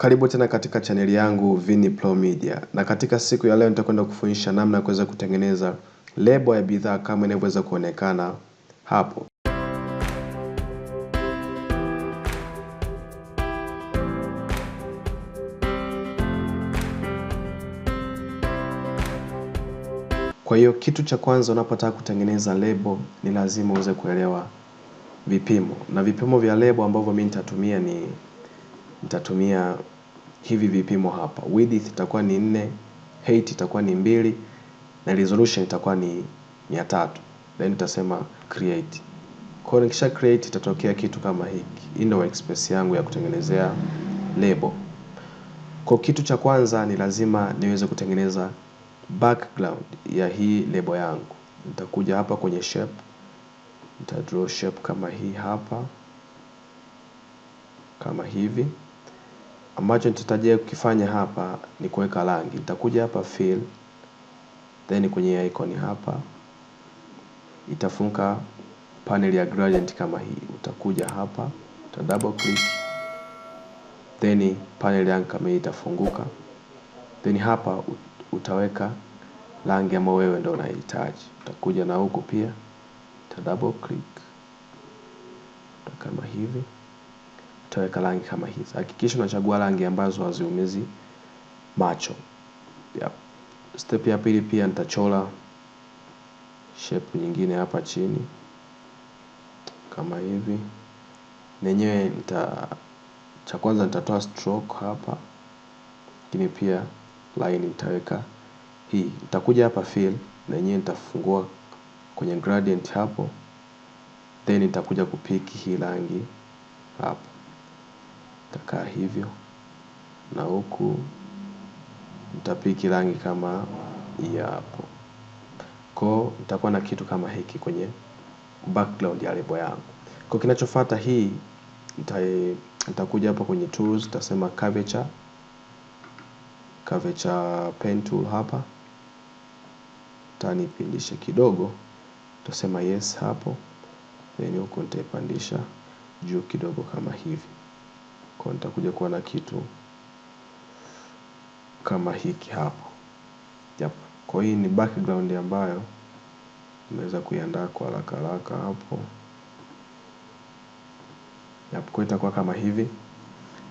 Karibu tena katika chaneli yangu Vini Pro Media, na katika siku ya leo nitakwenda kufundisha namna ya kuweza kutengeneza lebo ya bidhaa kama inavyoweza kuonekana hapo. Kwa hiyo kitu cha kwanza unapotaka kutengeneza lebo ni lazima uweze kuelewa vipimo, na vipimo vya lebo ambavyo mimi nitatumia ni nitatumia hivi vipimo hapa width itakuwa ni 4 height itakuwa ni mbili na resolution itakuwa ni 300 then nitasema create kwa hiyo nikisha create itatokea kitu kama hiki hii ndio workspace yangu ya kutengenezea label kwa kitu cha kwanza ni lazima niweze kutengeneza background ya hii label yangu nitakuja hapa kwenye shape nita draw shape kama hii hapa kama hivi ambacho nitatajia kukifanya hapa ni kuweka rangi nitakuja hapa fill then kwenye icon hapa itafunguka panel ya gradient kama hii utakuja hapa uta double click then panel yangu kama hii itafunguka then hapa utaweka rangi ambayo wewe ndio unahitaji utakuja na huku pia uta double click kama hivi utaweka rangi kama hizi hakikisha unachagua rangi ambazo haziumizi macho yep. step ya pili pia nitachora shape nyingine hapa chini kama hivi nenyewe nita cha kwanza nitatoa stroke hapa lakini pia line nitaweka hii nitakuja hapa fill na yenyewe nitafungua kwenye gradient hapo then nitakuja kupiki hii rangi hapa itakaa hivyo na huku nitapiki rangi kama hiyo hapo ko nitakuwa na kitu kama hiki kwenye background ya lebo yangu ko kinachofata hii nitakuja hapa kwenye tools nitasema curvature curvature pen tool hapa tanipindishe kidogo tasema yes hapo then huko nitaipandisha juu kidogo kama hivi kwa nitakuja kuwa na kitu kama hiki hapo. Yep. Kwa hii ni background ambayo nimeweza kuiandaa kwa haraka haraka hapo. Yep. Kwa itakuwa kama hivi.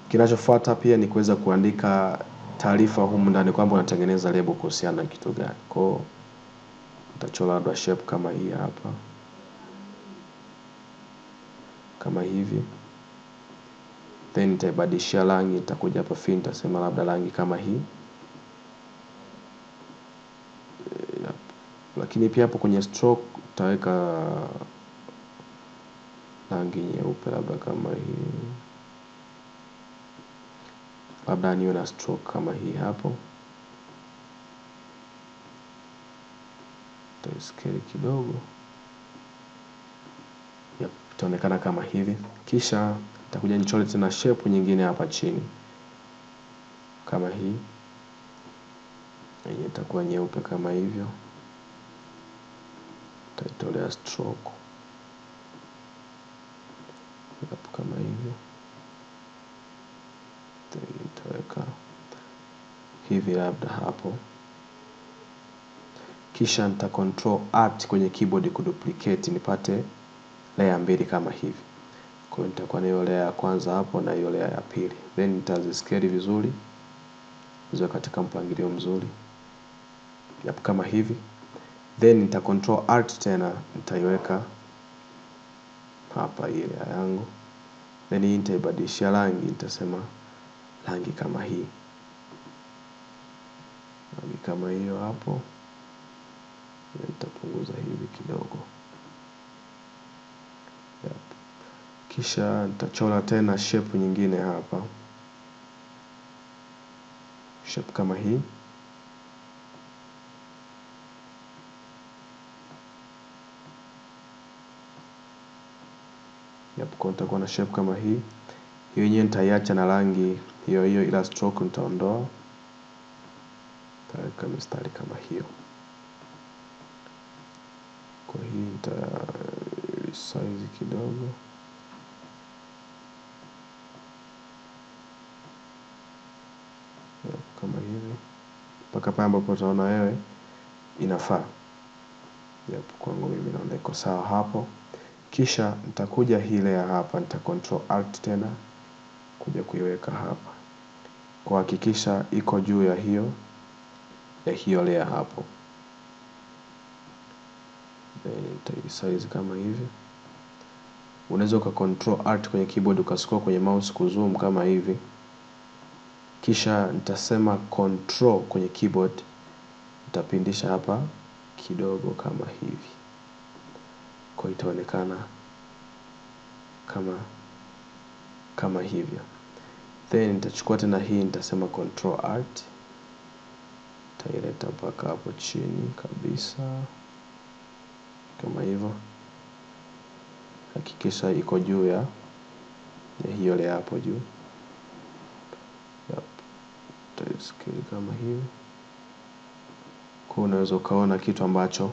Kinachofuata pia ni kuweza kuandika taarifa humu ndani kwamba unatengeneza lebo kuhusiana na kitu gani. Kwa utachora labda shape kama hii hapa. Kama hivi then nitaibadilishia rangi nitakuja hapa fill nitasema labda rangi kama hii lakini pia hapo kwenye stroke utaweka rangi nyeupe labda kama hii labda niwe na stroke kama hii hapo taiskeli kidogo itaonekana kama hivi kisha nitakuja nichore tena shape nyingine hapa chini kama hii yenye itakuwa nyeupe kama hivyo nitaitolea stroke hapo kama hivyo itaweka hivi labda hapo kisha nita control art kwenye keyboard kuduplicate nipate layer mbili kama hivi. Kwa hiyo nitakuwa na hiyo layer ya kwanza hapo na hiyo layer ya pili. Then nitaziscale vizuri ziwe katika mpangilio mzuri. Yep, kama hivi. Then nita control alt tena nitaiweka hapa ile ya yangu. Then hii nitaibadilishia rangi, nitasema rangi kama hii. Rangi kama hiyo hapo. Nitapunguza hivi kidogo. kisha nitachora tena shape nyingine hapa shape kama hii yep, kwa nitakuwa na shape kama hii hiyo yenyewe nitaiacha na rangi hiyo hiyo ila stroke nitaondoa taweka mistari kama hiyo kwa hii nita size kidogo mpaka pale ambapo utaona wewe inafaa yep, kwangu mimi naona iko sawa hapo kisha nitakuja hii ya hapa nita control alt tena kuja kuiweka hapa kuhakikisha iko juu ya hiyo ya hiyo layer hapo nitaisize kama hivi unaweza uka control alt kwenye keyboard ukasukua kwenye mouse kuzoom kama hivi kisha nitasema control kwenye keyboard nitapindisha hapa kidogo kama hivi kwa itaonekana kama kama hivyo then nitachukua tena hii nitasema control alt nitaileta mpaka hapo chini kabisa kama hivyo hakikisha iko juu ya hiyo le hapo juu scale kama hivi kwa unaweza ukaona kitu ambacho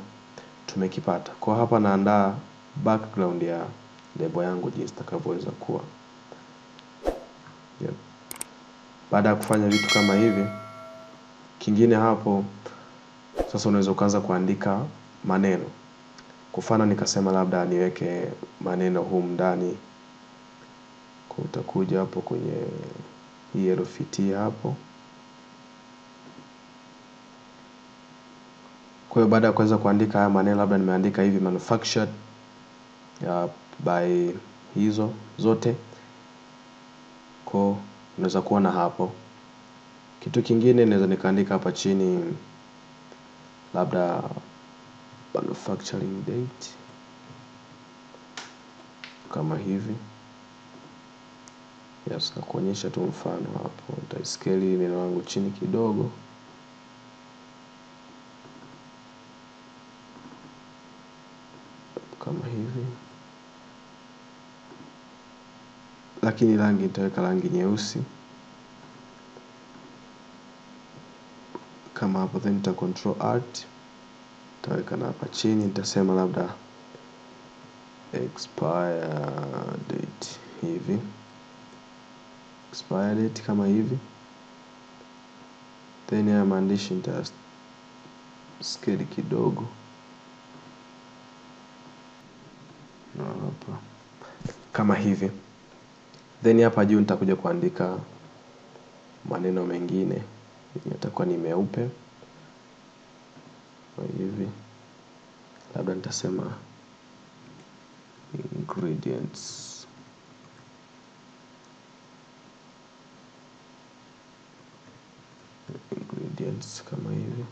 tumekipata kwa hapa naandaa background ya lebo yangu jinsi itakavyoweza kuwa yep. baada ya kufanya vitu kama hivi kingine hapo sasa unaweza ukaanza kuandika maneno kufana nikasema labda niweke maneno humu ndani utakuja hapo kwenye hii herufi t hapo kwa hiyo baada ya kuweza kuandika haya maneno labda nimeandika hivi manufactured uh, by hizo zote ko unaweza kuona hapo kitu kingine naweza nikaandika hapa chini labda manufacturing date kama hivi yes nakuonyesha tu mfano hapo nitaiskeli neno langu chini kidogo kama hivi, lakini rangi nitaweka rangi nyeusi kama hapo, then nita control art nitaweka na hapa chini, nitasema labda expire date hivi, expire date kama hivi, then haya maandishi nita scale kidogo kama hivi then hapa juu nitakuja kuandika maneno mengine yatakuwa ni meupe hivi labda nitasema ingredients ingredients kama hivi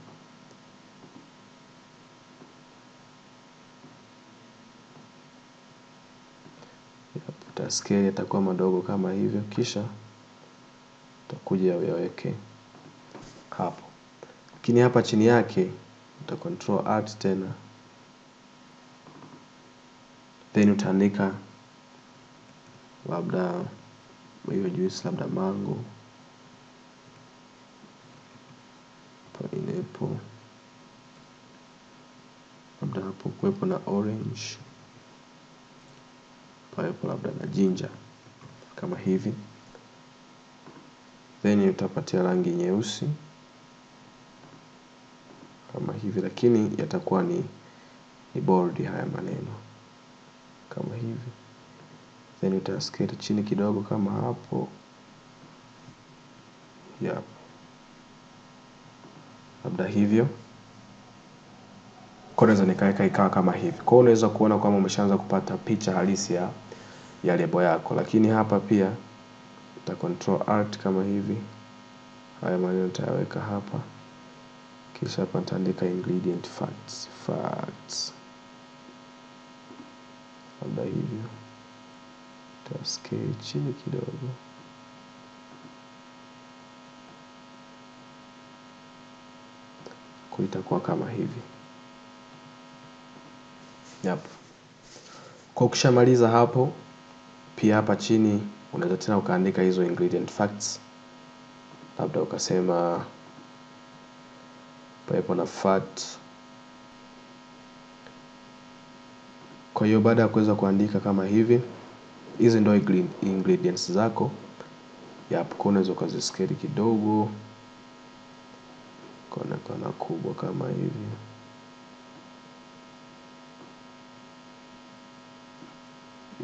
scale yatakuwa madogo kama hivyo kisha utakuja uyaweke hapo lakini hapa chini yake uta control alt tena then utaandika labda hiyo juice labda mango pineapple labda hapo kuwepo na orange pipe labda na jinja kama hivi then utapatia rangi nyeusi kama hivi lakini yatakuwa ni, ni bold haya maneno kama hivi then utaskate chini kidogo kama hapo yep. labda hivyo kwa naweza nikaweka ikawa kama hivi. Kwa unaweza kuona kwamba umeshaanza kupata picha halisi ya ya lebo yako, lakini hapa pia nita control alt kama hivi. Haya maneno nitayaweka hapa, kisha hapa nitaandika ingredient facts facts, labda hivyo taskei chini kidogo kuitakuwa kama hivi. Yep. Kwa ukishamaliza hapo, pia hapa chini unaweza tena ukaandika hizo ingredient facts, labda ukasema pawepo na fat. Kwa hiyo baada ya kuweza kuandika kama hivi, hizi ndio ingredients zako. Yep, kwa unaweza ukaziskeli kidogo, kaonekana kubwa kama hivi.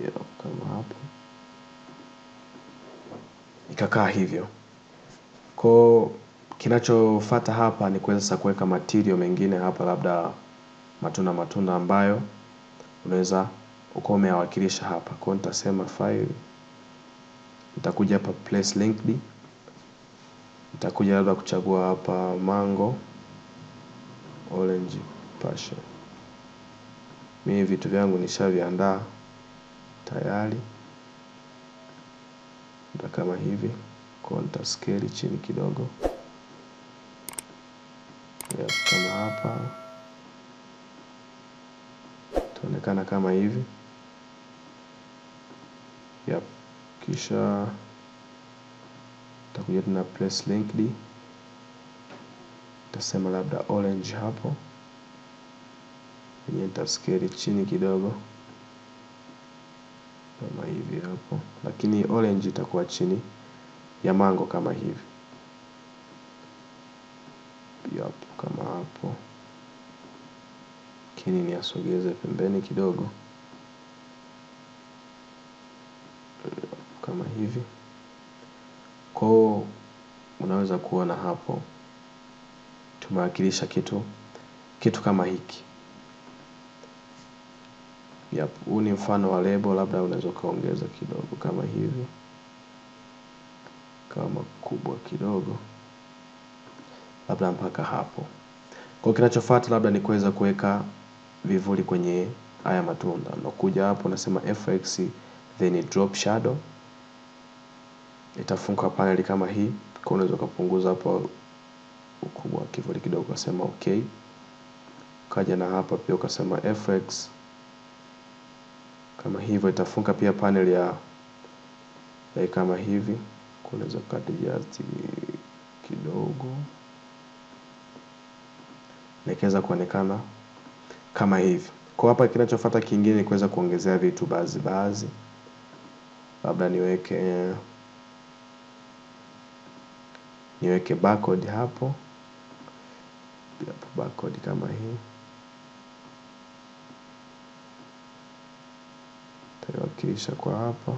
hiyo kama hapo ikakaa hivyo ko kinachofata hapa ni kuweza kuweka material mengine hapa labda matunda matunda ambayo unaweza uko umeawakilisha hapa ko nitasema file nitakuja hapa place linked nitakuja labda kuchagua hapa mango orange passion mi vitu vyangu nishaviandaa tayari na kama hivi kwa scale chini kidogo yes, kama hapa itaonekana kama hivi yep. kisha takuja tuna press linked tasema labda orange hapo nita scale chini kidogo kama hivi hapo lakini orange itakuwa chini ya mango kama hivi pia hapo kama hapo lakini niasogeze pembeni kidogo kama hivi kwao unaweza kuona hapo tumewakilisha kitu kitu kama hiki yep huu ni mfano wa lebo labda unaweza ukaongeza kidogo kama hivi kama kubwa kidogo labda mpaka hapo kwa kinachofuata labda ni kuweza kuweka vivuli kwenye haya matunda unakuja hapo unasema fx then drop shadow itafunga paneli kama hii kwa unaweza ukapunguza hapo ukubwa kivuli kidogo ukasema okay ukaja na hapa pia ukasema fx kama hivyo itafunga pia panel ya like kama hivi kati kuadjust kidogo na kuonekana kama hivi kwa hapa kinachofuata kingine ni kuweza kuongezea vitu baadhi baadhi labda niweke niweke barcode hapo pia barcode kama hii kisha kwa hapa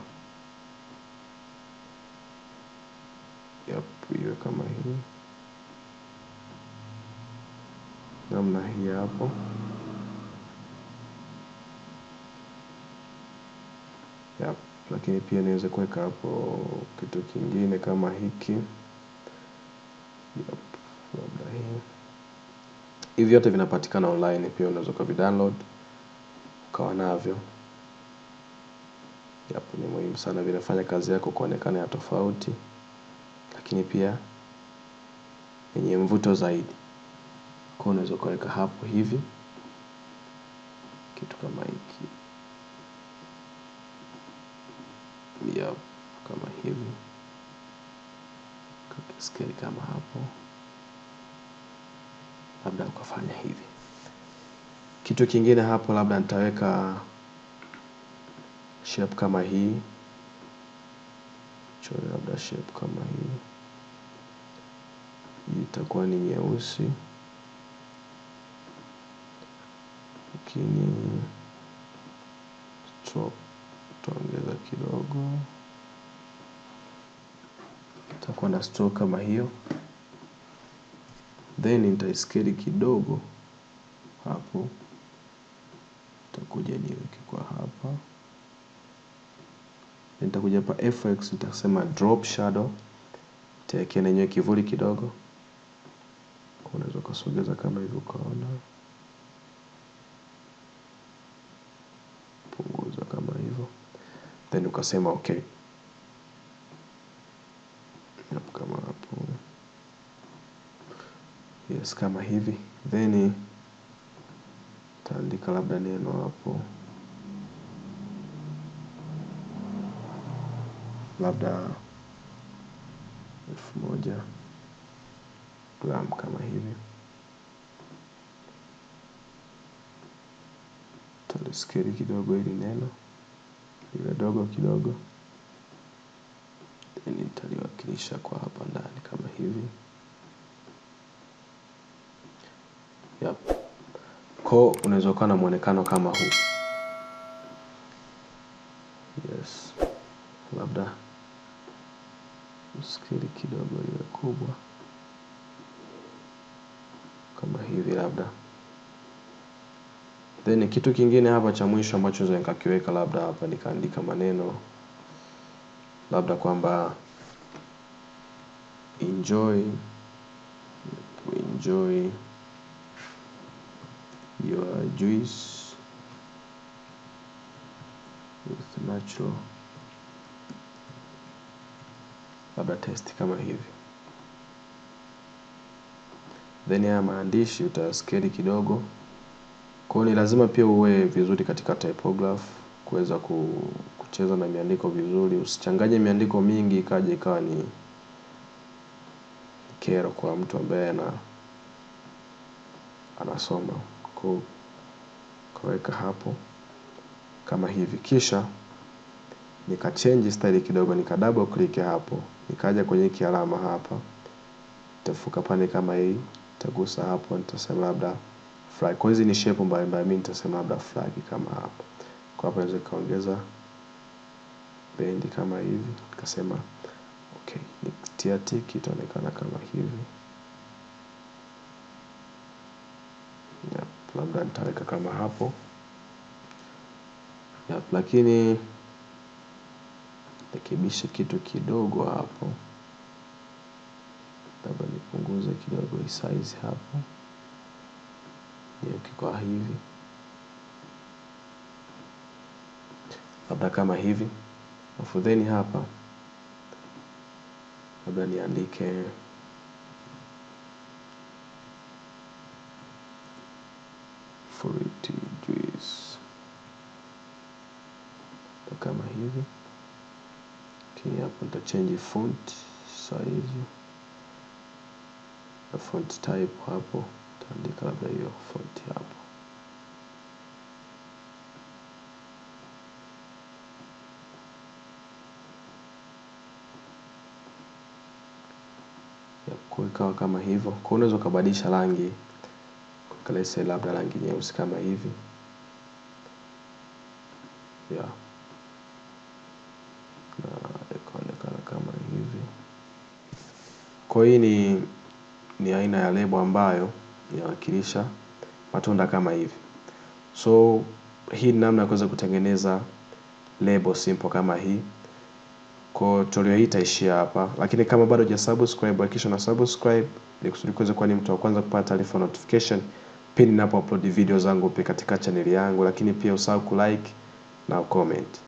iwe kama hii namna hii hapo. Yep. Lakini pia niweze kuweka hapo kitu kingine kama hiki yep. Labda hii hivi vyote vinapatikana online, pia unaweza ukavidownload ukawa navyo. Japo ni muhimu sana vinafanya kazi yako kuonekana ya tofauti. Lakini pia yenye mvuto zaidi. Kwa unaweza ukaweka hapo hivi. Kitu kama hiki ya kama hivi. Skeli kama hapo. Labda ukafanya hivi. Kitu kingine hapo labda nitaweka shape kama hii chore labda shape kama hii hii itakuwa ni nyeusi lakini tuongeza kidogo itakuwa na stroke kama hiyo then nitaiskeli kidogo hapo, itakuja niweke kwa hapa nitakuja hapa fx nitasema drop shadow nitawekea nenyewe kivuli kidogo unaweza ukasogeza kama hivyo ukaona punguza kama hivyo then ukasema okay kama hapo yes kama hivi then taandika labda neno hapo labda elfu moja gram kama hivi. Taliskeli kidogo ili neno ile dogo kidogo, then taliwakilisha kwa hapa ndani kama hivi yep. Ko unaweza ukawa na mwonekano kama huu. hili kidogo liwe kubwa kama hivi labda then kitu kingine hapa cha mwisho ambacho naweza nikakiweka labda hapa nikaandika maneno labda kwamba enjoy enjoy your juice with natural labda test kama hivi then haya maandishi utaskeli kidogo kwa ni lazima pia uwe vizuri katika typograph kuweza kucheza na miandiko vizuri usichanganye miandiko mingi ikaja ikawa ni kero kwa mtu ambaye ana anasoma kwa kaweka hapo kama hivi kisha change style kidogo nika double click hapo nikaja kwenye kialama hapa nitafuka pane kama hii nitagusa hapo nitasema labda flag kwa hizi ni shape mbalimbali mimi nitasema labda flag kama hapa kwa hapa naweza kaongeza bendi kama hivi nikasema okay nikitia tick itaonekana kama hivi yep, labda nitaweka kama hapo yep, lakini rekebishe kitu kidogo hapo labda nipunguze kidogo hii size hapo kwa hivi labda kama hivi alafu then hapa labda niandike fruit juice kama hivi hii hapa change font size na font type hapo, taandika labda hiyo font hapo. ikawa kama hivyo. Kwa unaweza ukabadilisha rangi kukalese labda rangi nyeusi kama hivi yeah. Kwa hii ni, ni aina ya lebo ambayo inawakilisha matunda kama hivi. So hii ni namna ya kuweza kutengeneza lebo simple kama hii. Kwa tutorial hii itaishia hapa, lakini kama bado hujasubscribe hakikisha una subscribe ili kusudi kuweza kuwa ni mtu wa kwanza kupata taarifa notification pindi ninapo upload video zangu pia katika chaneli yangu, lakini pia usahau kulike na comment.